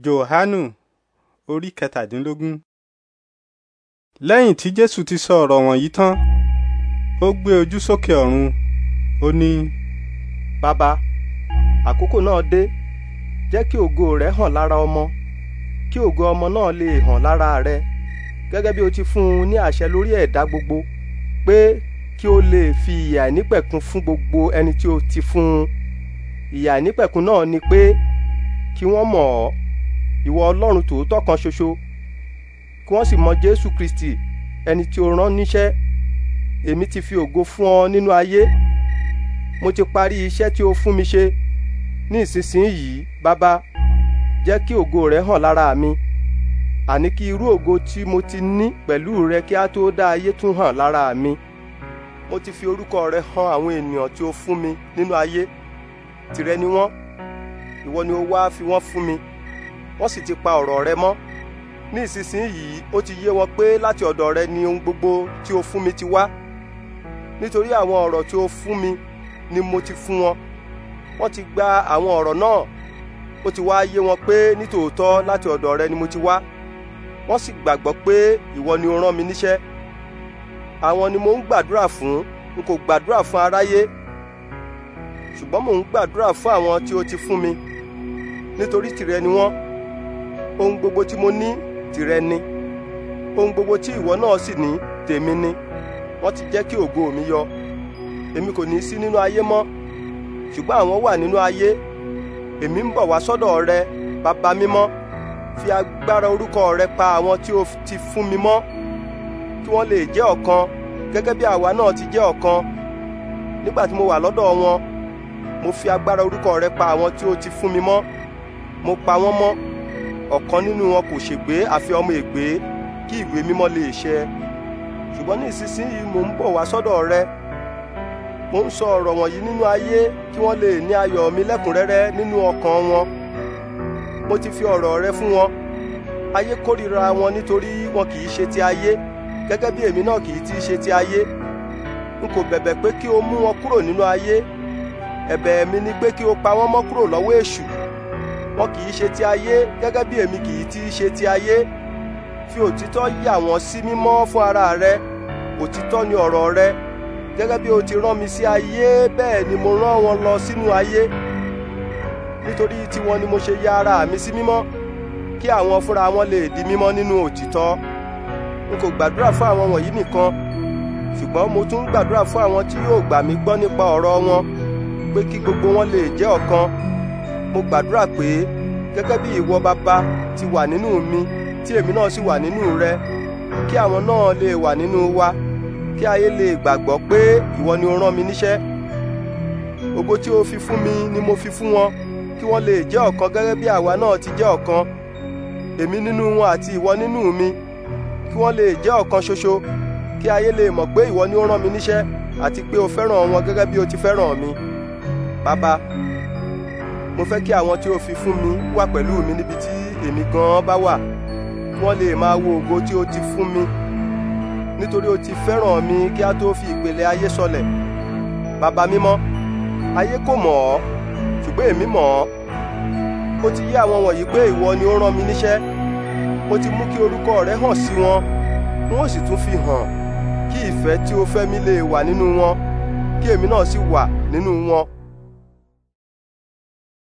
johanu orí kẹtàdínlógún. lẹ́yìn tí jésù ti sọ ọ̀rọ̀ wọ̀nyí tán ó gbé ojú sókè ọ̀run ó ní. bàbá àkókò náà dé jẹ́ kí ògo rẹ hàn lára ọmọ kí ògo ọmọ náà lè hàn lára rẹ gẹ́gẹ́ bí o ti fún un ní àṣẹ lórí ẹ̀dá gbogbo pé kí o lè fi ìyè àìnípẹ̀kun fún gbogbo ẹni tí o ti fún un ìyè àìnípẹ̀kun náà ni pé kí wọ́n mọ̀ ọ́ ìwọ ọlọ́run tòótọ́ kan ṣoṣo kí wọ́n sì mọ jésù kristi ẹni tí o rán níṣẹ́ èmi ti fi ògo fún ọ nínú ayé mo ti parí iṣẹ́ tí o fún mi ṣe ní ìsinsìnyí bàbá jẹ́ kí ògo rẹ hàn lára mi àní kí irú ògo tí mo ti ní pẹ̀lú rẹ kí a tó dá ayé tún hàn lára mi mo ti fi orúkọ rẹ hàn àwọn ènìyàn tí o fún mi nínú ayé tìrẹ ni wọ́n ìwọ ni o wá fi wọ́n fún mi wọ́n sì ti pa ọ̀rọ̀ rẹ mọ́ ní ìsinsìnyí ó ti yé wọn pé láti ọ̀dọ̀ rẹ ni ohun gbogbo tí o fún mi ti wá nítorí àwọn ọ̀rọ̀ tí o fún mi ni mo ti fún wọn wọ́n ti gba àwọn ọ̀rọ̀ náà ó ti wá yé wọn pé nítòótọ́ láti ọ̀dọ̀ rẹ ni mo ti wá wọ́n sì gbàgbọ́ pé ìwọ ni o rán mi níṣẹ́ àwọn ni mo ń gbàdúrà fún n kò gbàdúrà fún aráyé ṣùgbọ́n mò ń gbàdúrà fún àwọn tí o ti fún mi nítorí tìrẹ ni wọ́n ohun gbogbo tí mo ní tìrẹ ni ohun gbogbo tí ìwọ náà sì ní tèmi ni wọ́n ti jẹ́ kí ògo mi yọ èmi kò ní sí nínú ayé mọ́ ṣùgbọ́n àwọn wà nínú ayé èmi ń bọ̀ wá sọ́dọ̀ rẹ bàbá mímọ́ fi agbára orúkọ rẹ pa àwọn tí o ti fún mi mọ́ kí wọ́n lè jẹ́ ọ̀kan gẹ́gẹ́ bí àwa náà ti jẹ́ ọ̀kan nígbà tí mo wà lọ́dọ̀ wọn mo fi agbára orúkọ rẹ pa àwọn tí o ti fún mi mọ́ mo pa wọ́n mọ́ ọ̀kan nínú wọn kò ṣègbé àfi ọmọ ègbé kí ìwé mímọ́ lè ṣẹ ṣùgbọ́n ní ìsinsìnyí mò ń bọ̀ wá sọ́dọ̀ rẹ mo ń sọ ọ̀rọ̀ wọ̀nyí nínú ayé kí wọ́n lè ní ayọ̀ mi lẹ́kùnrẹ́rẹ́ nínú ọkàn wọn mo ti fi ọ̀rọ̀ rẹ fún wọn ayé kórìíra wọn nítorí wọn kì í ṣe ti ayé gẹ́gẹ́ bí èmi náà kì í ti ṣe ti ayé n kò bẹ̀bẹ̀ pé kí o mú wọn kúrò nínú ayé ẹ̀bẹ̀ mi ni pé kí o pa wọ́n mọ́ kúrò lọ́wọ́ èṣù wọn kì í ṣe ti ayé gẹ́gẹ́ bí èmi kì í ti ṣe ti ayé fi òtítọ́ yà wọ́n sí mímọ́ fún ara rẹ òtítọ́ ni ọ̀rọ̀ rẹ gẹ́gẹ́ bí o ti rán mi sí ayé bẹ́ẹ̀ ni mo rán wọn lọ sínú ayé nítorí tiwọn ni mo ṣe ya ara mi sí mímọ́ kí àwọn fúnra wọn lè di mímọ́ nínú òtítọ́ n kò gbàdúrà fún àwọn wọ̀nyí nìkan ṣùgbọ́n mo tún gbàdúrà fún àwọn tí yóò gbà mí gbọ́ nípa ọ̀rọ̀ wọn pé kí gbogbo wọn lè jẹ́ ọ̀kan mo gbàdúrà pé gẹ́gẹ́ bí ìwọ bàbá ti wà nínú mi tí èmi náà sì wà nínú rẹ kí àwọn náà lè wà nínú wa kí ayé lè gbàgbọ́ pé ìwọ ni o rán mi níṣẹ́ ògo tí o fi fún mi ni mo fi fún wọn kí wọ́n lè jẹ́ ọ̀kan gẹ́gẹ́ bí àwa náà ti jẹ́ ọ̀kan èmi nínú wọn àti ìwọ nínú mi kí wọ́n lè jẹ́ ọ̀kan ṣoṣo kí ayé lè mọ̀ pé ìwọ ni ó rán mi níṣẹ́ àti pé o fẹ́ràn wọn gẹ́gẹ́ bí o ti fẹ́ràn mi. bàbá mo fẹ́ kí àwọn tí ó fi fún mi wà pẹ̀lú mi níbi tí èmi gan-an bá wà kí wọ́n lè máa wo ògo tí ó ti fún mi nítorí ó ti fẹ́ràn mi kí a tó fi ìpele ayé sọlẹ̀ bàbá mímọ́ ayé kò mọ̀ ọ́ ṣùgbọ́n èmi mọ̀ ọ́ ó ti yé àwọn wọ̀nyí pé ìwọ ni ó rán mi níṣẹ́ ó ti mú kí orúkọ rẹ hàn sí wọn n ó sì tún fi hàn kí ìfẹ́ tí ó fẹ́ mi lè wà nínú wọn kí èmi náà sì wà nínú wọn